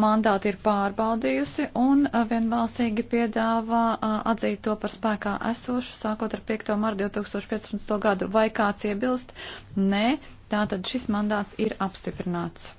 mandātu ir pārbaudījusi un vienbalsīgi piedāvā atzīt to par spēkā esošu sākot ar 5. martu 2015. gadu. Vai kāds iebilst? Nē, tātad šis mandāts ir apstiprināts.